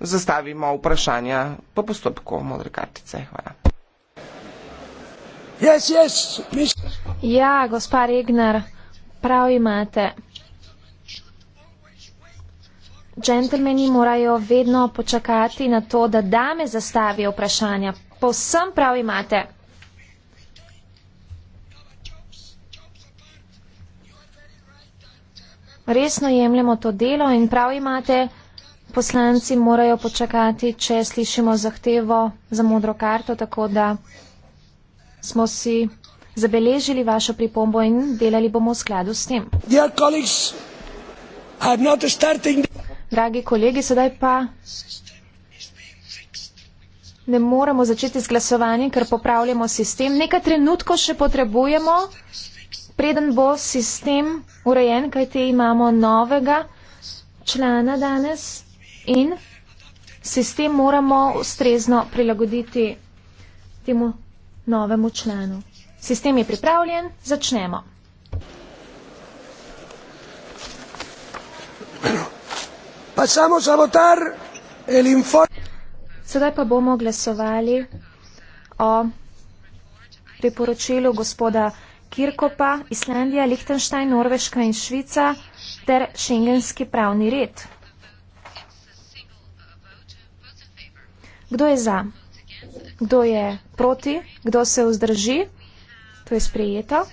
zastavimo vprašanja po postopku modre kartice. Hvala. Yes, yes, ja, gospa Regner, prav imate. Džentlmeni morajo vedno počakati na to, da dame zastavijo vprašanja. Povsem prav imate. Resno jemljemo to delo in prav imate poslanci morajo počakati, če slišimo zahtevo za modro karto, tako da smo si zabeležili vašo pripombo in delali bomo v skladu s tem. Dragi kolegi, sedaj pa ne moramo začeti z glasovanjem, ker popravljamo sistem. Nekaj trenutko še potrebujemo, preden bo sistem urejen, kajte imamo novega člana danes in sistem moramo ustrezno prilagoditi temu novemu členu. Sistem je pripravljen, začnemo. Sedaj pa bomo glasovali o priporočilu gospoda Kirkopa, Islandija, Lichtenstein, Norveška in Švica ter šengenski pravni red. kdo je za, kdo je proti, kdo se vzdrži, to je sprejeto.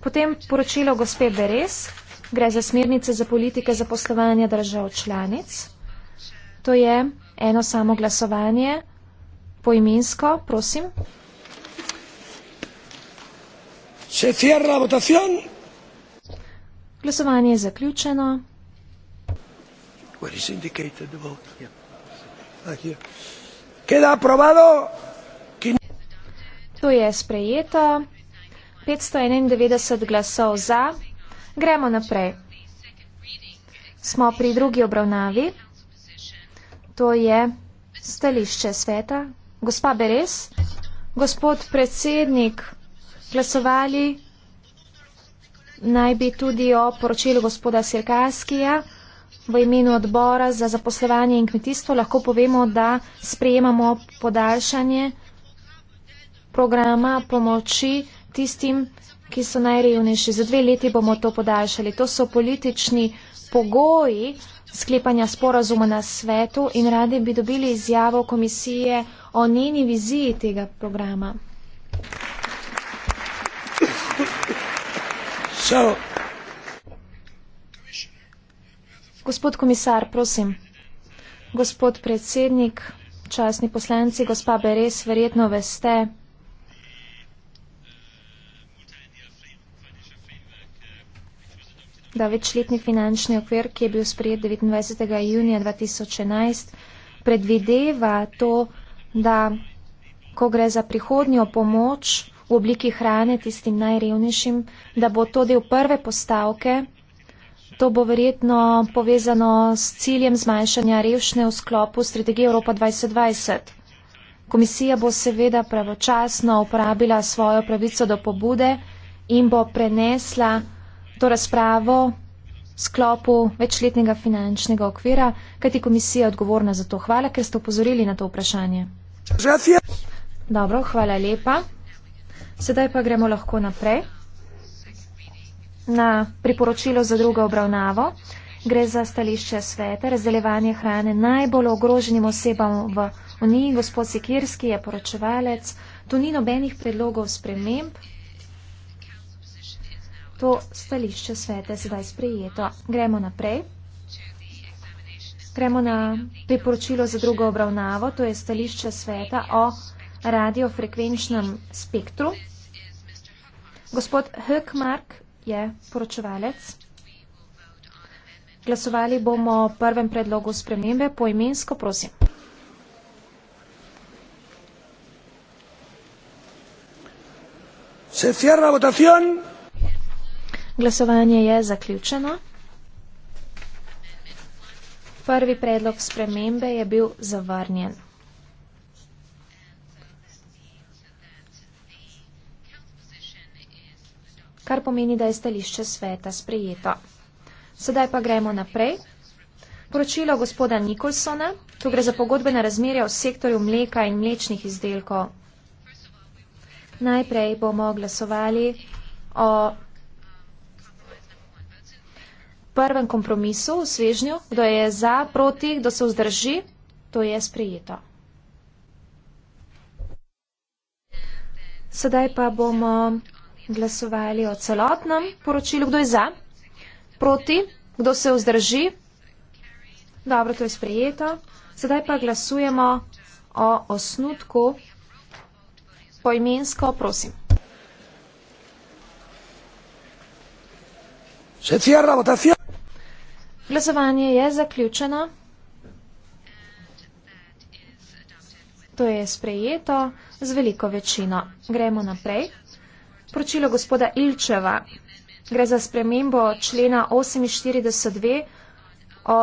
Potem poročilo gospe Beres, gre za smernice za politike za poslovanje držav članic. To je eno samo glasovanje, poimensko, prosim. Se cierra la votación. Glasovanje je zaključeno. Where is indicated the vote? Yeah. Queda aprobado. To je sprejeto. 591 glasov za. Gremo naprej. Smo pri drugi obravnavi. To je stališče sveta. Gospa Beres, gospod predsednik, glasovali naj bi tudi o poročilu gospoda Sirkarskija. V imenu odbora za zaposlovanje in kmetijstvo lahko povemo, da sprejemamo podaljšanje programa pomoči tistim, ki so najrevnejši. Za dve leti bomo to podaljšali. To so politični pogoji sklepanja sporazuma na svetu in radi bi dobili izjavo komisije o njeni viziji tega programa. Gospod komisar, prosim. Gospod predsednik, časni poslanci, gospa Beres, verjetno veste. da večletni finančni okvir, ki je bil sprejet 29. junija 2011, predvideva to, da ko gre za prihodnjo pomoč v obliki hrane tistim najrevnejšim, da bo to del prve postavke To bo verjetno povezano s ciljem zmanjšanja revščine v sklopu strategije Evropa 2020. Komisija bo seveda pravočasno uporabila svojo pravico do pobude in bo prenesla to razpravo v sklopu večletnega finančnega okvira, kajti komisija je odgovorna za to. Hvala, ker ste upozorili na to vprašanje. Dobro, hvala lepa. Sedaj pa gremo lahko naprej na priporočilo za drugo obravnavo. Gre za stališče sveta, razdeljevanje hrane najbolj ogroženim osebam v Uniji. Gospod Sikirski je poročevalec. Tu ni nobenih predlogov sprememb. To stališče sveta je sedaj sprejeto. Gremo naprej. Gremo na priporočilo za drugo obravnavo. To je stališče sveta o radiofrekvenčnem spektru. Gospod Hökmark je poročevalec. Glasovali bomo o prvem predlogu spremembe. Poimensko, prosim. Se cierra votación. Glasovanje je zaključeno. Prvi predlog spremembe je bil zavrnjen. kar pomeni, da je stališče sveta sprejeto. Sedaj pa gremo naprej. Poročilo gospoda Nikolsona, tu gre za pogodbene razmerja v sektorju mleka in mlečnih izdelkov. Najprej bomo glasovali o prvem kompromisu v svežnju, kdo je za, proti, kdo se vzdrži, to je sprejeto. Sedaj pa bomo glasovali o celotnem poročilu. Kdo je za? Proti? Kdo se vzdrži? Dobro, to je sprejeto. Sedaj pa glasujemo o osnutku poimensko, prosim. Glasovanje je zaključeno. To je sprejeto z veliko večino. Gremo naprej poročilo gospoda Ilčeva. Gre za spremembo člena 48.2 o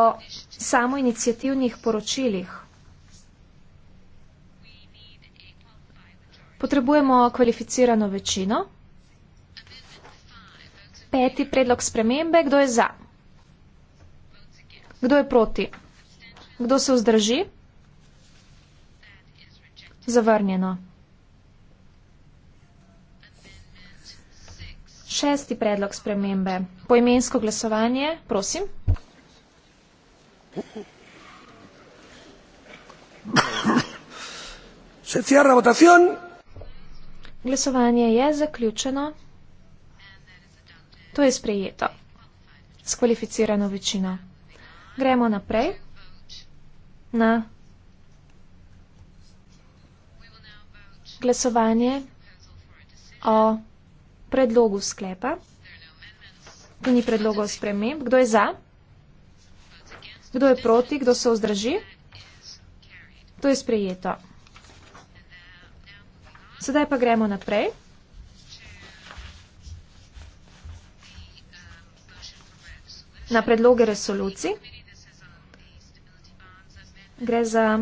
samoinicijativnih poročilih. Potrebujemo kvalificirano večino. Peti predlog spremembe. Kdo je za? Kdo je proti? Kdo se vzdrži? Zavrnjeno. Šesti predlog spremembe. Poimensko glasovanje, prosim. Se cierra votación. Glasovanje je zaključeno. To je sprejeto. S kvalificirano večino. Gremo naprej na glasovanje o predlogu sklepa. Tu ni predlogov sprememb. Kdo je za? Kdo je proti? Kdo se vzdrži? To je sprejeto. Sedaj pa gremo naprej. Na predloge resoluciji. Gre za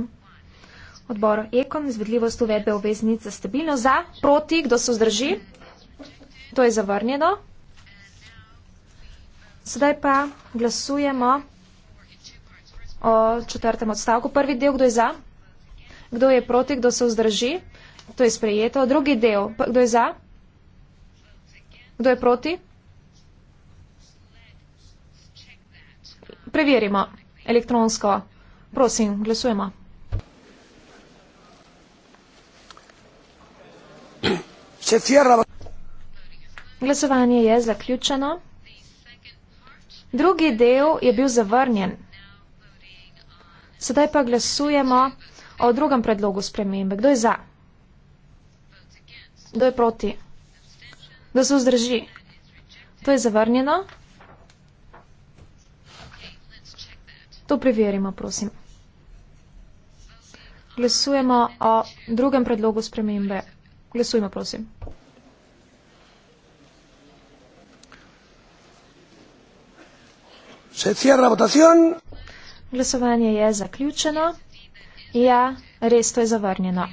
odbor Ekon, izvedljivost uvedbe obveznic za stabilnost. Za, proti, kdo se vzdrži? To je zavrnjeno. Sedaj pa glasujemo o četrtem odstavku. Prvi del, kdo je za? Kdo je proti? Kdo se vzdrži? To je sprejeto. Drugi del, kdo je za? Kdo je proti? Preverimo elektronsko. Prosim, glasujemo. Se cierra. Glasovanje je zaključeno. Drugi del je bil zavrnjen. Sedaj pa glasujemo o drugem predlogu spremembe. Kdo je za? Kdo je proti? Kdo se vzdrži? To je zavrnjeno. To preverimo, prosim. Glasujemo o drugem predlogu spremembe. Glasujmo, prosim. Se cierra votación. Glasovanje je zaključeno. Ja, res to je zavrnjeno.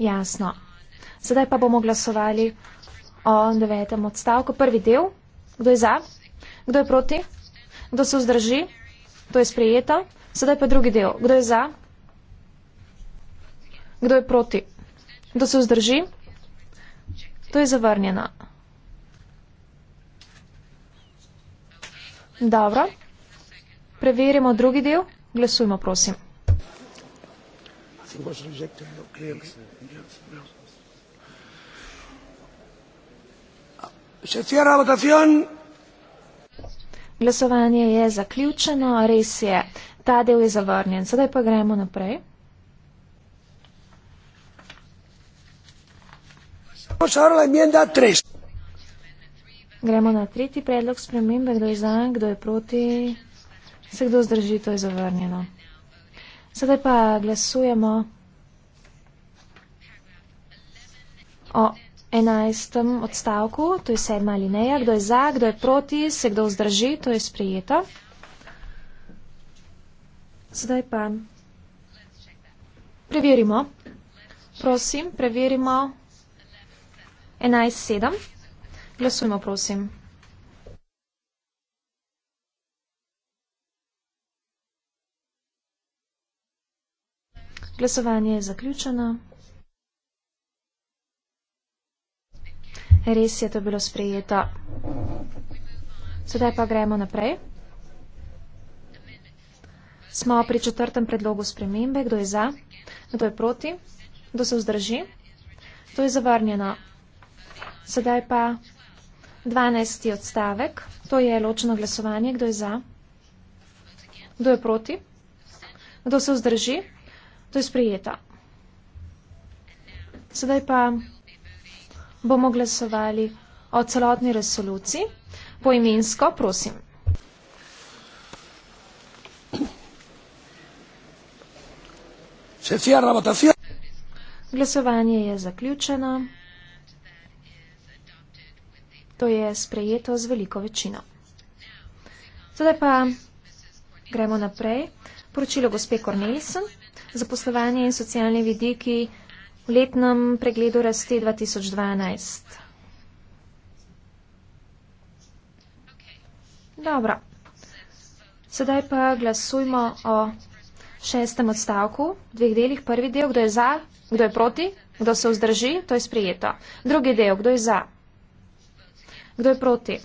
Jasno. Sedaj pa bomo glasovali o devetem odstavku. Prvi del. Kdo je za? Kdo je proti? Kdo se vzdrži? To je sprejeto. Sedaj pa drugi del. Kdo je za? Kdo je proti? Kdo se vzdrži? To je zavrnjeno. Dobro. Preverimo drugi del. Glasujmo, prosim. Se cierra votación. Glasovanje je zaključeno, res je. Ta del je zavrnjen. Sedaj pa gremo naprej. Vamos ahora a la enmienda 3. Gremo na tretji predlog spremembe, kdo je za, kdo je proti, se kdo zdrži, to je zavrnjeno. Sedaj pa glasujemo o enajstem odstavku, to je sedma linija, kdo je za, kdo je proti, se kdo zdrži, to je sprejeto. Sedaj pa preverimo, prosim, preverimo enajst sedem. Glasujmo, prosim. Glasovanje je zaključeno. Res je to bilo sprejeto. Sedaj pa gremo naprej. Smo pri četrtem predlogu spremembe. Kdo je za? Kdo je proti? Kdo se vzdrži? To je zavrnjeno. Sedaj pa 12. odstavek, to je ločeno glasovanje, kdo je za, kdo je proti, kdo se vzdrži, to je sprijeta. Sedaj pa bomo glasovali o celotni resoluciji, poimensko, prosim. Glasovanje je zaključeno. To je sprejeto z veliko večino. Sedaj pa gremo naprej. Poročilo gospe Cornelison. Zaposlovanje in socialni vidiki v letnem pregledu rasti 2012. Dobro. Sedaj pa glasujmo o šestem odstavku, dveh delih. Prvi del, kdo je za, kdo je proti, kdo se vzdrži, to je sprijeto. Drugi del, kdo je za, Kdo je proti?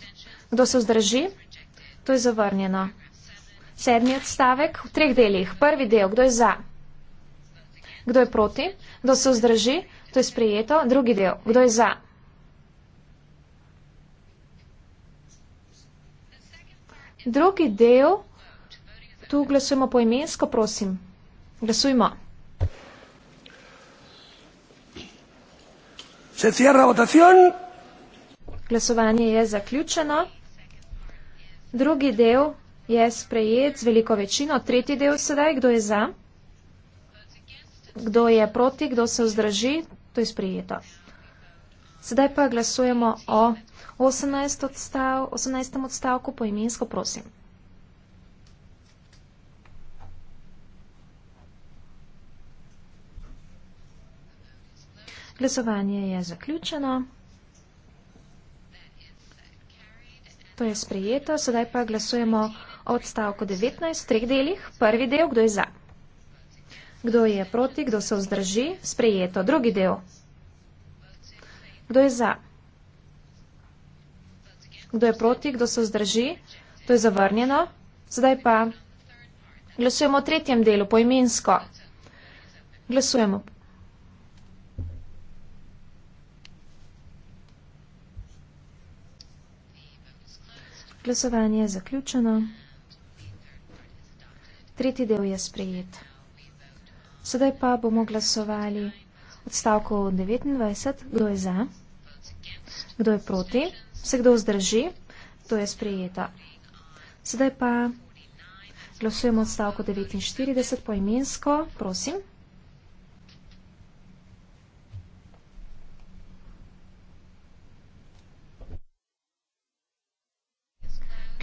Kdo se vzdrži? To je zavrnjeno. Sedmi odstavek v treh delih. Prvi del, kdo je za? Kdo je proti? Kdo se vzdrži? To je sprejeto. Drugi del, kdo je za? Drugi del, tu glasujemo po imensko, prosim. Glasujmo. Se cierra votacijo. Glasovanje je zaključeno. Drugi del je sprejet z veliko večino. Tretji del sedaj, kdo je za, kdo je proti, kdo se vzdrži, to je sprejeto. Sedaj pa glasujemo o 18. Odstav, 18. odstavku po imensko, prosim. Glasovanje je zaključeno. To je sprejeto, sedaj pa glasujemo o odstavku 19 v treh delih. Prvi del, kdo je za? Kdo je proti, kdo se vzdrži? Sprejeto. Drugi del. Kdo je za? Kdo je proti, kdo se vzdrži? To je zavrnjeno. Zdaj pa glasujemo o tretjem delu, poimensko. Glasujemo Glasovanje je zaključeno. Tretji del je sprejet. Sedaj pa bomo glasovali odstavkov 29. Kdo je za? Kdo je proti? Se kdo vzdrži? To je sprejeta. Sedaj pa glasujemo odstavko 49 poimensko. Prosim.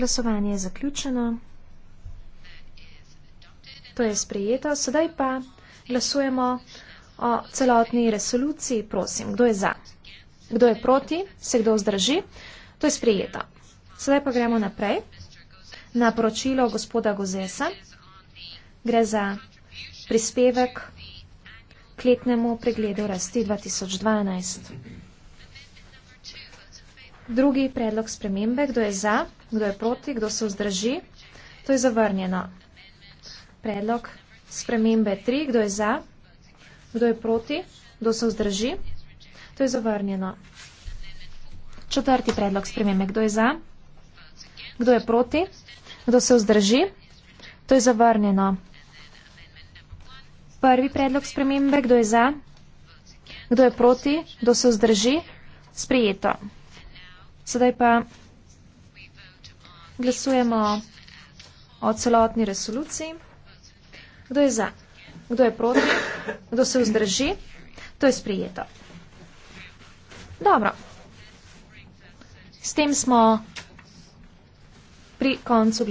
Glasovanje je zaključeno. To je sprejeto. Sedaj pa glasujemo o celotni resoluciji. Prosim, kdo je za? Kdo je proti? Se kdo vzdrži? To je sprejeto. Sedaj pa gremo naprej na poročilo gospoda Gozesa. Gre za prispevek k letnemu pregledu rasti 2012. Drugi predlog spremembe. Kdo je za? Kdo je proti, kdo se vzdrži? To je zavrnjeno. Predlog spremembe 3. Kdo je za? Kdo je proti? Kdo se vzdrži? To je zavrnjeno. Četrti predlog spremembe. Kdo je za? Kdo je proti? Kdo se vzdrži? To je zavrnjeno. Prvi predlog spremembe. Kdo je za? Kdo je proti? Kdo se vzdrži? Sprijeto. Sedaj pa. Glasujemo o celotni resoluciji. Kdo je za? Kdo je proti? Kdo se vzdrži? To je sprijeto. Dobro. S tem smo pri koncu.